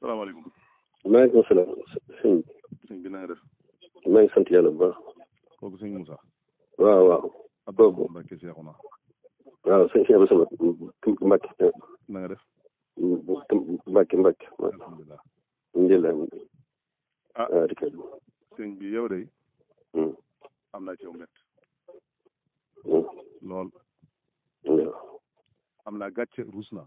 salaamaaleykum. maaleykum salaam. sëñ bi naa def. maa ngi sant yàlla bu baax. kooku sëñ Moussa. waaw waaw. kooku Mbacke Cheikhouna. waaw sëñ Cheikh Moussa Mbacke. na nga def. Mbacke Mbacke. alhamdulilah. alhamdulilah. ah sëñ bi yow de. Hmm. am naa ci yow mbett. Hmm. lool. am naa gàcce ruus naa.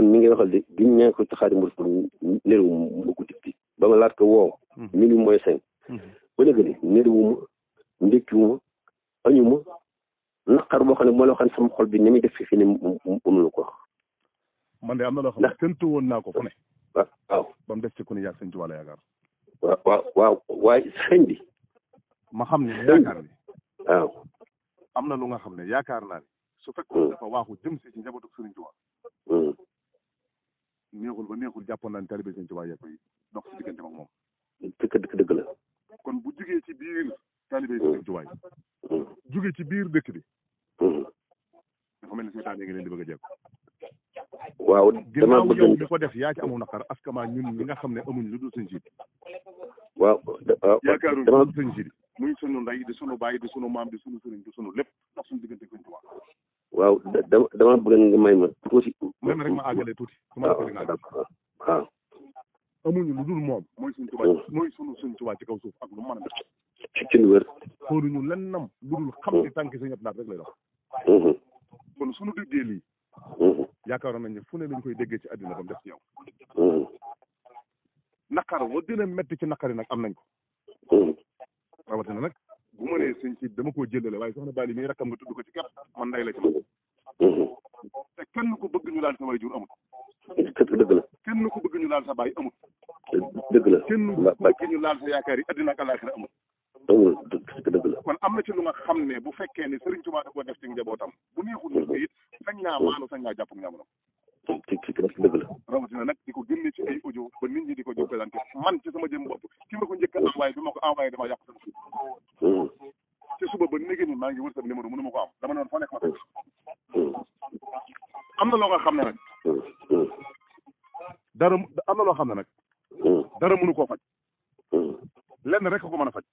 kon ngi waxal di giñ ne ko ci Xaadimu Rasuul neriwuma mu guddi bi ba ma laat ko woow mi hmm. ni mooy sañ hmm. ba léegi ni neriwuma ndékkiwuma añuma naqar boo xam ne moo loo xam ne sama xol bi ni muy def fi ni mënul ko man de am na loo xam ne tëntu woon naa ko waaw waaw waaw waaw ma xam ne waaw am na lu nga xam ne yaakaar naa ne su fekkoon hmm. dafa waaxu jëm si ci njabootu sëriñ Tuubaa neexul ba neexul jàppoon naa ne taalibe Sëñ Tuubaa yàpp yi dox si diggante moom kon bu jugee ci biir taalibe mm. Sëñ Tuubaa yi. Mm. ci biir dëkk bi. Mm. dafa mel ne seytaane ngi leen di bëgg a jekk. waaw damaa bëgg yow mi ko def yaa ci amoon naqar askan wi ñun nga xam ne amuñ lu dul sëñ siit. waaw ah, yaakaaruñ lu dul sëñ siit. muy sunu ndey di sunu baay di sunu maam di sunu sëriñ di lépp ndax suñu diggante Sëñ Tuubaa waaw dama dama bëgg nga may ma tuuti. may ma rek ma àggale tuuti. waaw waaw amuñu lu dul moom. mooy suñu tubaab mm. mooy suñu suñu tubaab ci kaw suuf ak lu a lu wér. xooluñu lan nam lu xam mm. tànk sëñ Abdou rek lay dox. Mm-hmm. kon suñu déggee mm-hmm. nañ ne fu ne lañ koy déggee ci àddina ba def ci yow. Mm-hmm. naqar wa dina metti ci naqari nag am nañ ko. rawatina nag bu ma nee sëñ ci koo jëlale waaye soxna Bali mii rakkam nga tudd man nday la ci man. kenn ko bëgg ñu laal sa waajur amul. dëgg la kenn ku bëgg ñu laal sa baay amul. dëgg la kenn ku bëgg ñu laal sa yaakaar yi addina ak àllaaxira amul. amul dëgg la. kon am na ci lu nga xam ne bu fekkee ne Serigne Touba da koo def ci njabootam bu neexul ñu it sañ naa maanu sañ jàpp ñaamuram. ci ci dëgg la. rawatina nag di ko génne ci ay audio ba nit ñi di ko jóg présenté man jëm bopp ki ma ko njëkk a envoyé bi ma ko envoyé dama yàq sama. te suba ba néegé ni maa ngi wër sa numéro mënu ma ko am dama noonu foo nekk ma. am na loo nga xam ne nag. dara am na loo xam ne nag. dara mënu koo faj. lenn rek ko mën a faj.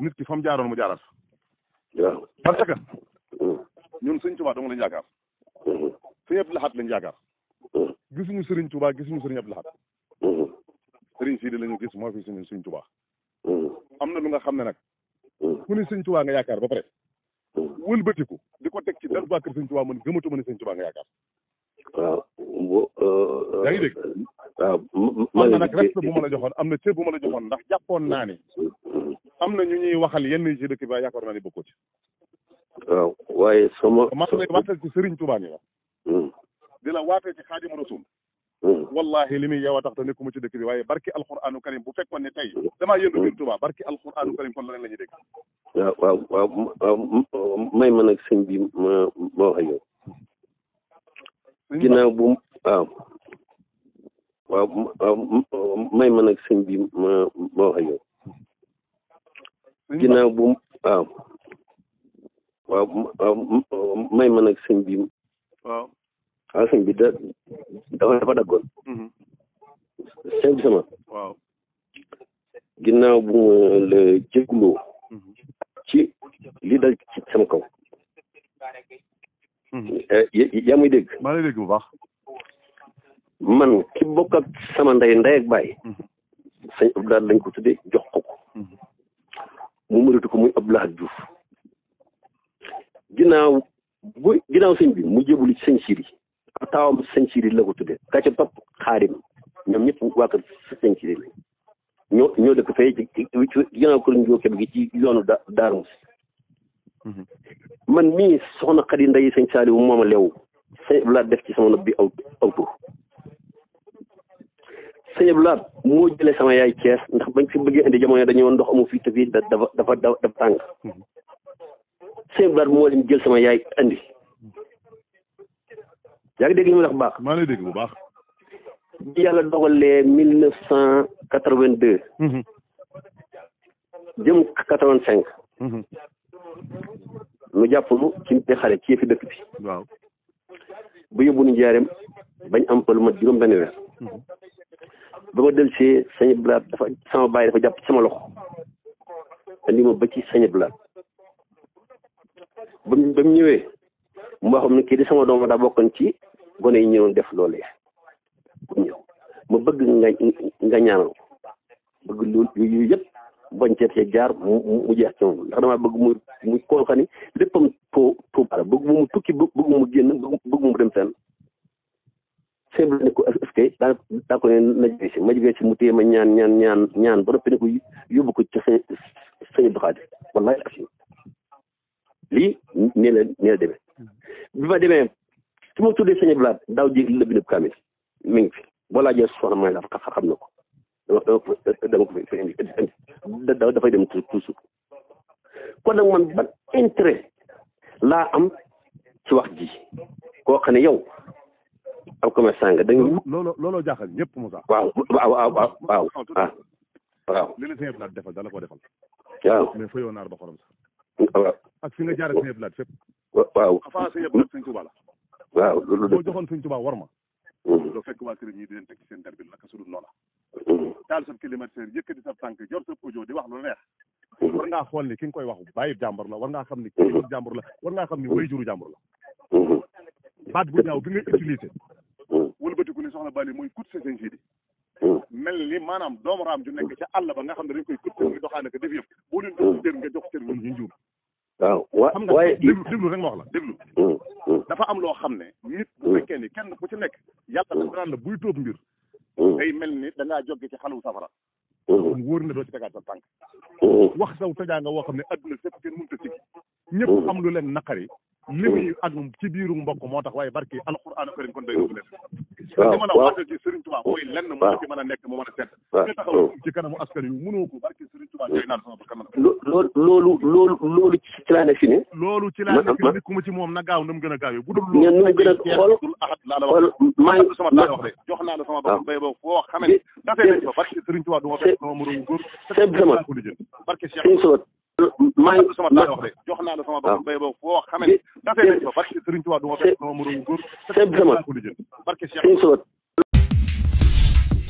nit ki fam mu jaaroon mu jaaraat. waaw parce que. ñun sëñ Tuubaa dong lañ yaakaar. sëñ Abdou Lahad lañ yaakaar. gisuñu Serigne Touba gisuñu Serigne Abdou Lahad. Serigne Sidi lañu gis moo fi suñu Serigne Touba. am na lu nga xam ne nag. ku ni Serigne Touba nga yaakaar ba pare. wëlbatiku di ko teg ci daru bàkkar sëñ Tuubaa man gëmatuma ne sëñ Tuubaa nga yaakaar waaw bo euh, euh, yaa ngi dégg waaw man na nag respect bu ma la joxoon am na cër bu ma la joxoon ndax jàppoon naa ne am na ñu ñuy waxal yenn yi ci dëkk bi waaye yaakaar ne bokkoo ci waaye sama ma lay waatal sëriñ Tuubaa la mm. di la waatee ci Mm. wallahi li muy yow a tax te ci dëkk bi waaye barki alquranu karim bu fekkoon ne tey mm. damaa yëndu biir mm. Touba barki alquranu karim kon la ñuy dégg waaw waaw waaw may ma nag sëñ bi ma ma wax ak yow bu waaw waaw may ma ak yow bi waaw sëñ bi da dafa daggoon. Mm-hmm. sëñ bi sama. waaw. bu ma la jégloo. Mm-hmm. ci li dal ci sama kaw. Mm-hmm. Eh, yaa muy dégg. man ki bokk ak sama ndey ndey ak baay. sëñ Abdou lañ ko tuddee jox ko ko. mu mëritu ko muy Abdou Lahad Diouf. ginnaaw bu bi mu jébbalu ci sëñ Siri. taawam sëñ la ko tuddee ka ca xaari xaarim ñoom ñëpp waa kër sëñ lañ ñoo ñoo dëkk fee ci ci ginnaaw kër Njóoke bi ci yoonu da Daaru Muxti mhm. man mii soxna Xadi Ndey sëñ Saaliwu moom a leewu sëñ def ci sama nopp bi aw aw tur sëñ Blaat moo jëlee sama yaay Cees ndax bañ fi bëggee indi jamono dañu woon ndox amu fii te fii dafa dafa dafa tàng mhm. sëñ Blaat moo leen jël sama yaay indi yaa ngi dégg li ma wax bu baax. maa ngi lay dégg bu baax. bi yàlla dogalee mille neuf cent quatre vingt deux. Mhm. jëm quatre vingt cinq. Mhm. mu jàppalu ci nit xale ci yëfi dëkk bi. bu yóbbu nu njaareem bañ am pël mat juróom benn weer. Mhm. ba ma dellu see sañ blaat dafa sama bàyyi dafa jàpp sama loxo andi ba ci sañ blaat ba mu ñëwee. mu wax mi kii di sama doom daa bokkoon ci gone yi ñëwoon def loolu ku ñëw ma bëgg nga nga ñaanal bëgg loolu yooyu yëpp bañ cee jaar mu mu jeex ci mu tukki bëgg ne ko est-ce que daa daa téye ma ñaan ñaan ñaan ñaan ba noppi ne ko yóbbu ko ci sëñ sëñ Abdou lii nee la nee la demee bi ma demee su ma tuddee sëñ Ablaat daaw jéeg la bindab kaamil mi ngi fi boo laajee soxna may la xam na ko dama dama ko fi dafay dem toujours kon nag man ban intérêt laa am ci wax ji koo xam ne yow am commerçant nga da nga. looloo looloo ñëpp Moussa. waaw waaw waaw waaw waaw ah, waaw. li la sëñ Ablaat la waaw avant sëñ Abdou sëñ Touba la waaw loolu boo joxoon sëñ Touba war ma hmm. doo fekk waa sëriñ ñi di leen teg ci seen der bi naka su dul noona daal hmm. sa climatiseur yëkkati sa tànk jor sa audio di wax lu neex hmm. war ngaa xool ni ki nga koy wax bàyyi jàmbur la war ngaa xam ni kii jàmbur la war ngaa xam ni way juru jàmbur la baat bu ñaaw bi nga utilisé wëlbatiku ni soxna Bali mooy kut sa sëñ sii di mel ni maanaam doomu raam ju nekk ca àll ba nga xam ne dañ koy kut ko doxaanaka def yëpp boo leen jox cër nga jox cër ñu njuum waaw wa waaye déglu déglu rek ma wax la déglu. Hmm, hmm. dafa am loo xam ne. nit bu hmm. fekkee ni kenn ku ci nekk. yàlla dafa daan la buy tóob mbir. ay mel ni da ngaa jóge ci xalu safara. kon wóor na doo ci tegaat sa tànk. wax saw nga woo xam ne adduna sépp kenn mënut a sigg. ñëpp am lu leen naqari. ni muy ak ci biiru mbokk moo tax waaye barki alxuraan karim kon day dugg leen li a waata ci Serigne Touba mooy lenn moo ci mën a nekk a set nga taxaw ci kanamu askan loolu ci laa a fi ne loolu ci laa ne fi ne ku mu ci moom na gaaw na mu gën a gaawee bu dul loolu ñun gën a xool ahad laa la wax maa ngi sama taay wax de jox naa la sama bopp ah. bay sama maa ngi sama taay wax rek jox naa la sama bopp bay boobu foo wax xamee dafay nañ ko barke Sëriñ Tuubaa du ma fekk sama moromu góor. Cheikh Ibrahima Cheikh Ibrahima